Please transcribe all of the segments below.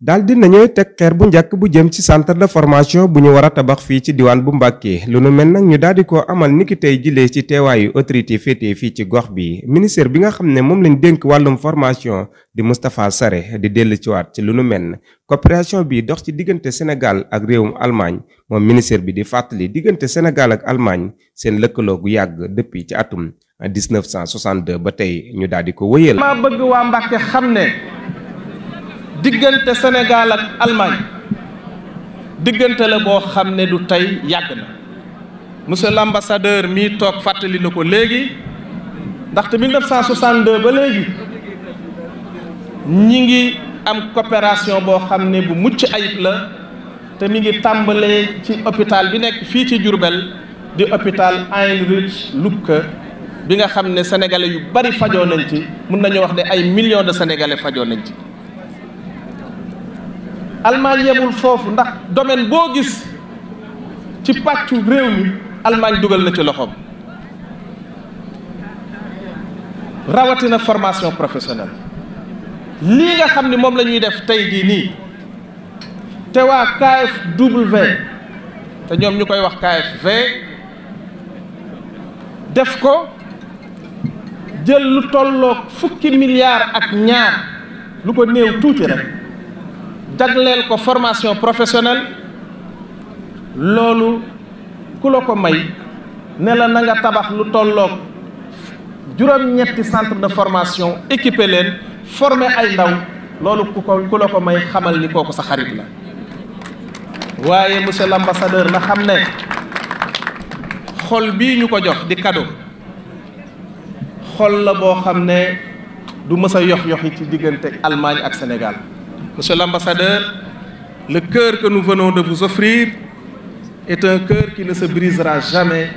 daal di nañu teg xeer bu njëkk bu jëm ci centre de formation bu ñu war a tabax fii ci diwaan bu Mbàkke lu nu mel nag ñu daal di ko amal niki tey jilee ci teewaayu autorité féetee fii ci gox bi ministère bi nga xam ne moom lañ dénk wàllum formation di Moustapha Sare di dellu ci waat ci lunu nu mel coopération bi dox ci diggante Sénégal ak réewum Allemagne moom ministère bi di fàttali diggante Sénégal ak Allemagne seen lëkkaloo gu yàgg depuis ci atum 1962 ba tey ñu daal di ko wëyal. diggante Sénégal ak Allemagne diggante la boo xam ne du tey yàgg na monsieur l'ambassadeur mi toog fàttali na ko léegi ndaxte 1962 ba léegi ñi ngi am coopération boo xam ne bu mucc ayib la te mi ngi tàmbalee ci hôpital bi nekk fii ci Diourbel di hôpital Heinrich Lübke bi nga xam ne sénégalais yu bari fajoo nañ ci mun nañu wax ne ay millions de sénégalais fajoo nañ ci Allemagne yemul foofu ndax domaine boo gis ci pàccu réew mi Allemagne dugal na ci loxoom rawatina formation professionnelle lii nga xam ni moom lañuy def tey jii nii te waa KFW te ñoom ñu koy wax KFV def ko jël lu tolloog fukki milliards ak ñaar lu ko néew tuuti rek jagleel ko formation professionnelle loolu ku la ko may ne la na tabax lu tollook juróom-ñetti centre de formation équipé leen former ay ndaw loolu ku ko ku la ko may xamal ni kooku sa xarit la waaye monsieur l'ambassadeur na xam ne xol bii ñu ko jox di cadeau xol la boo xam ne du mësa a yox yoxi ci diggante Allemagne ak Sénégal Monsieur l'ambassadeur, le cœur que nous venons de vous offrir est un cœur qui ne se brisera jamais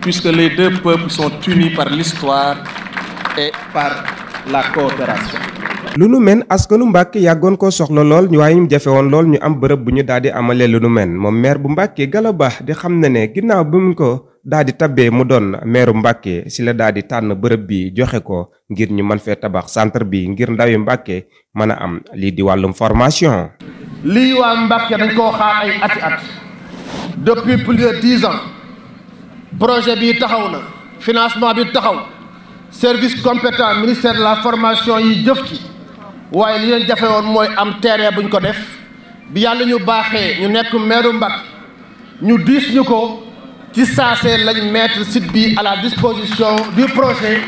puisque les deux peuples sont unis par l'histoire et par la coopération. lu nu men askanu Mbàkke yàggoon koo soxla lool ñu waaye ñu jafe woon lool ñu am bërëb bu ñu daal di amalee lu nu men moom maire bu Mbàkke Galaba di xam na ne ginnaaw bi mu ko daal di tabbee mu doon maire Mbàkke si la daal di tànn bërëb bi joxe ko ngir ñu man fee tabax centre bi ngir ndawi Mbàkke mën a am lii di wàllum formation. lii waa Mbàkke dañ ko xaar ay ati at depuis plus de dix projet bi taxaw na financement bi taxaw service compétent ministèr la formation yi jëf waaye li leen jafe woon mooy am terrain buñ ko def bi yàlla ñu baaxee ñu nekk meeru mbag ñu diis ñu ko ci saasee lañ mettre site bi à la disposition du projet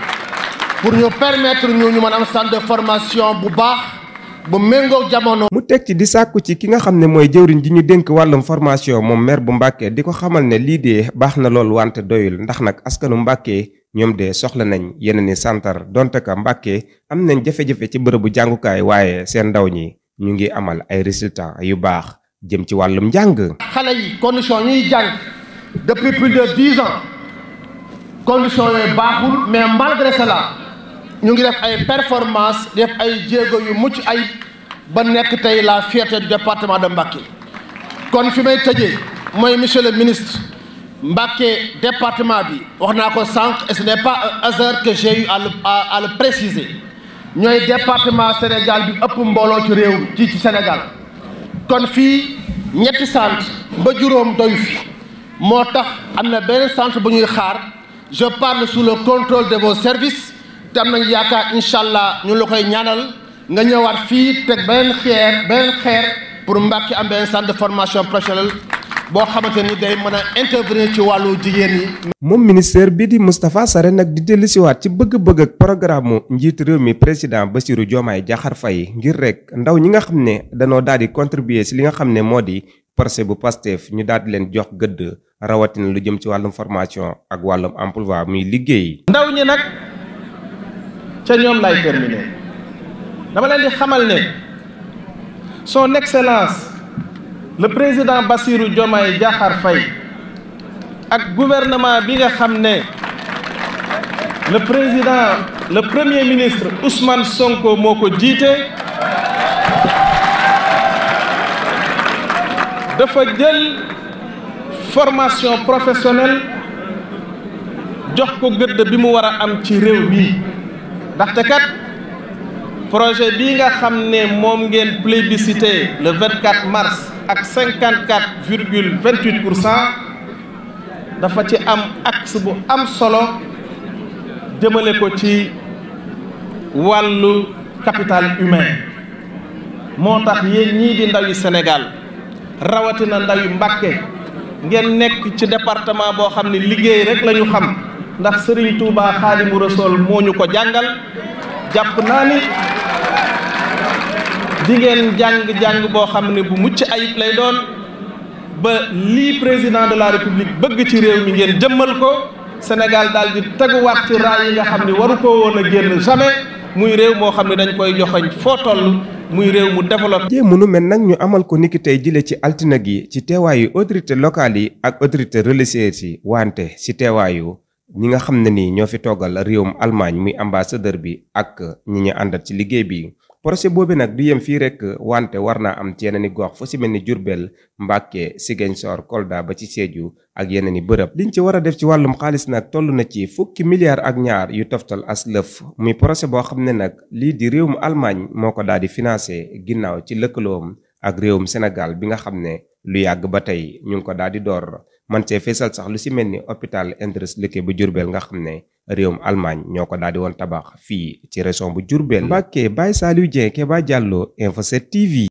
pour ñu permettre ñu ñu mën am centre de formation bu baax bu méngoo jamono. mu teg ci di sàkku ci ki nga xam ne mooy jëwriñ ji ñu dénk wàllum formation moom maire bu Mbacké di ko xamal ne lii de baax na lool wante doyul ndax nag askanu Mbacké. ñoom de soxla nañ yeneen i santar donte ka Mbàkke am nañ jafe-jafe ci bërëbu jàngukaay waaye seen ndaw ñi ñu ngi amal ay résultats yu baax jëm ci wàllum njàng. xale yi condition ñuy jàng depuis plus de dix ans condition yooyu baaxul mais malgré cela ñu ngi def ay performance def ay jéego yu mucc ayib ba nekk tey la fierté du département de Mbacké kon fi may tëjee mooy monsieur le ministre. Mbacké département bi wax naa ko sànq et ce n'est pas un hasard que j'ai eu à le préciser ñooy département Sénégal bi ëpp mbooloo ci réew ci ci Sénégal kon fii ñetti centre ba juróom doyu fi moo tax am na benn centre bu ñuy xaar je parle su le controle de vos services te nañu yaakaar incha allah ñu la koy ñaanal nga ñëwaat fii ba benn xeer benn xeer pour Mbacké am benn centre de formation professionnelle boo xamante ni day mën a intervenir ci wàllu jigéen yi. moom ministère bi di Moustapha Sarré nag di dellusiwaat ci bëgg-bëgg ak programme njiit réew mi président Bassirou joomaay Diakhar Faye ngir rek ndaw ñi nga xam ne danoo daal di contribuer si li nga xam ne moo di projet bu Pastef ñu daal di leen jox gëdd rawatina lu jëm ci wàllum formation ak wàllum emploi muy liggéey. ndaw ñi nag ca ñoom lay terminer dama leen di xamal ne son excellence. le président Bassirou Diomaye Diakhar Faye ak gouvernement bi nga xam ne le président le premier ministre Ousmane Sonko moo ko jiite dafa jël formation professionnelle jox ko gëdd bi mu war a am ci réew bi ndaxte kat projet bi nga xam ne moom ngeen plébiscité le 24 mars ak cinquante quatre virgule vingt huit pour cent dafa ci am axe bu am solo jëmale ko ci wàllu capital humain moo tax yéen ñii di ndaw yi Sénégal rawatina ndaw Mbàkke ngeen nekk ci département boo xam ne liggéey rek lañu xam ndax Serigne Touba Xaadimu Rasuul moo ñu ko jàngal jàpp naa ni. li ngeen jàng-jàng boo xam ne bu mucc ayib lay doon ba lii président de la république bëgg ci réew mi ngeen jëmmal ko Sénégal daal di teguwaat ci raay yi nga xam ne waru ko woon a génn jamais muy réew moo xam ne dañ koy joxoñ foo toll muy réew mu développé. jéem mënu mel nag ñu amal ko niki tey jile ci altina gi ci teewaayu autorité locale yi ak autorité religieuse yi wante ci teewaayu ñi nga xam ne nii ñoo fi toogal réewum almaañ muy ambassadeur bi ak ñi ñu àndal ci liggéey bi. projet boobi nag du yem fii rek wante war naa am ci yeneen i gox fu si mel ni Diourbel Mbàkke Ziguinchor Kolda ba ci Sédhiou ak yeneen yi bërëb liñ ci war a def ci wàllum xaalis nag toll na ci fukki milliards ak ñaar yu toftal as lëf muy projet boo xam ne nag lii di réewum Allemagne moo ko daal di financé ginnaaw ci lëkkaloom ak réewum Sénégal bi nga xam ne lu yàgg ba tey ñu ngi ko daal di door man cee feesal sax lu si mel ni hôpital Endres Leke bu jurubeel nga xam ne réewum Allemagne ñoo ko daal di woon tabax fii ci région bu jurubeel kee Mbacke Baye Saliou Dieng Keba Diallo Info 7 TV.